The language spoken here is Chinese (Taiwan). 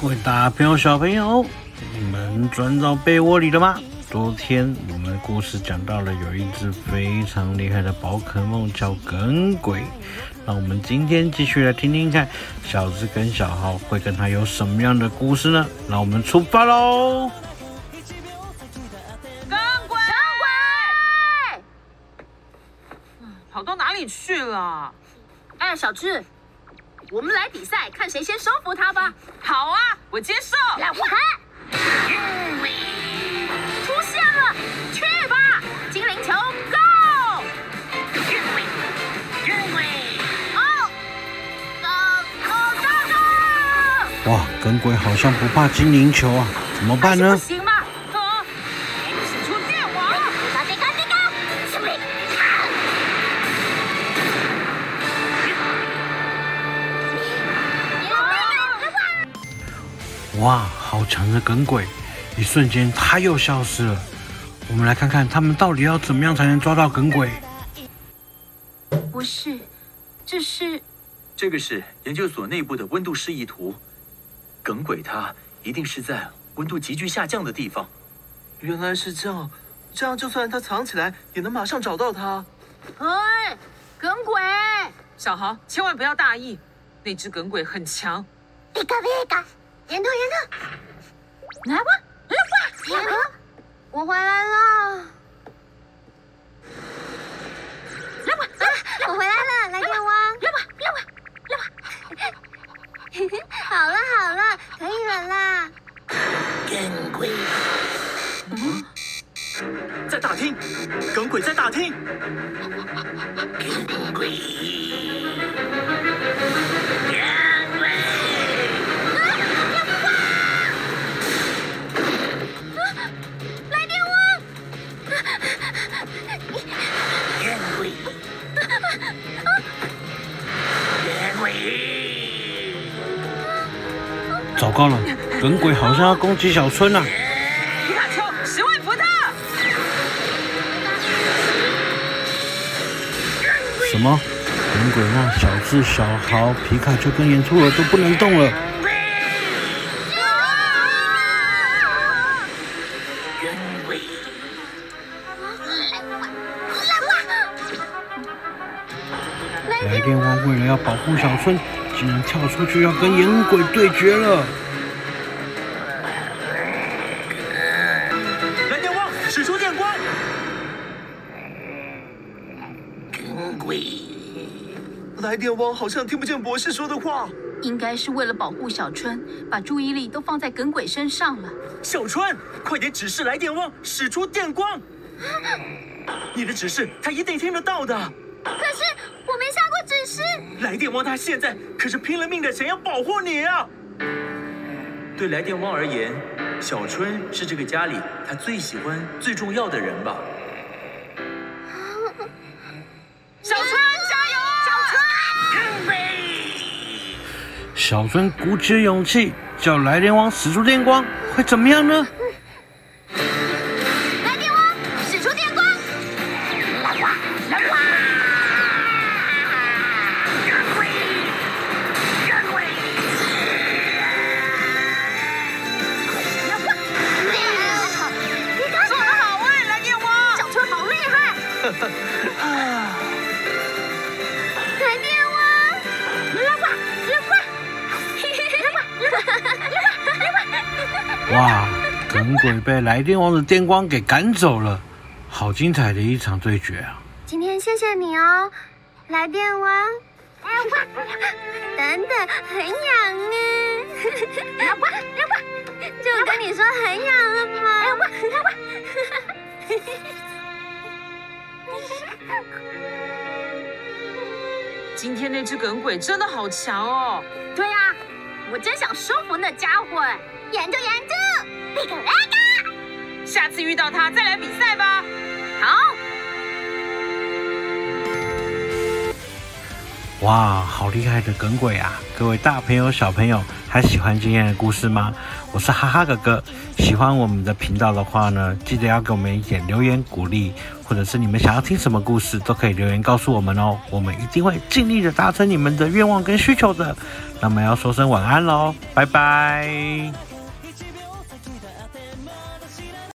各位大朋友、小朋友，你們鑽到被窩裡了嗎？昨天我們的故事講到了，有一隻非常厲害的寶可夢叫耿鬼。那我們今天繼續來聽聽看，小智跟小豪會跟他有什麼樣的故事呢？那我們出發嘍！耿鬼，耿鬼，跑到哪裡去了？哎，小智。我們來比賽，看誰先收服他吧。好啊，我接受。來，我喊。意出現了，去吧，精靈球，Go！哇，耿鬼好像不怕精靈球啊，怎麼辦呢？哇，好強的耿鬼！一瞬間，它又消失了。我們來看看他們到底要怎麼樣才能抓到耿鬼。不是，這是？這個是研究所內部的溫度示意圖。耿鬼它一定是在溫度急劇下降的地方。原來是這樣，這樣就算它藏起來也能馬上找到它。哎，耿鬼！小豪，千萬不要大意，那隻耿鬼很強。比卡比卡嚴哥，嚴哥，來吧，來吧，我回來了。來吧，啊、婆我回來了，婆來電汪，來吧， 好了好了，可以了啦。鬼嗯，在打聽，耿鬼在打聽。好了，耿鬼好像要攻擊小春了。皮卡丘，十萬伏特！什麼？耿鬼讓小智、小豪、皮卡丘跟炎兔兒都不能動了。來電汪，為了要保護小春，竟然跳出去要跟耿鬼對決了。喂，來電汪好像聽不見博士說的話，應該是為了保護小春，把注意力都放在耿鬼身上了。小春，快點指示來電汪使出電光！啊，你的指示他一定聽得到的。可是我沒下過指示。來電汪他現在可是拼了命的想要保護你啊！對來電汪而言，小春是這個家裡他最喜歡、最重要的人吧。小春鼓起勇氣，叫來電汪使出電光，會怎麼樣呢？哇，耿鬼被來電汪的電光給趕走了，好精彩的一場對決啊！今天謝謝你哦，來電汪。哎、等等，很癢啊！ 哎我哎我，哎我就跟你說很癢了嗎？哎我哎我。哈哈哈哈哈。哎、 今天那隻耿鬼真的好強哦。對呀、啊，我真想收服那傢伙，哎研究研究貝可，貝可，下次遇到他再來比賽吧。好。哇，好厲害的耿鬼啊！各位大朋友、小朋友，還喜歡今天的故事嗎？我是哈哈哥哥。喜歡我們的頻道的話呢，記得要給我們一點留言鼓勵，或者是你們想要聽什麼故事，都可以留言告訴我們哦。我們一定會盡力的達成你們的願望跟需求的。那麼要說聲晚安嘍，拜拜。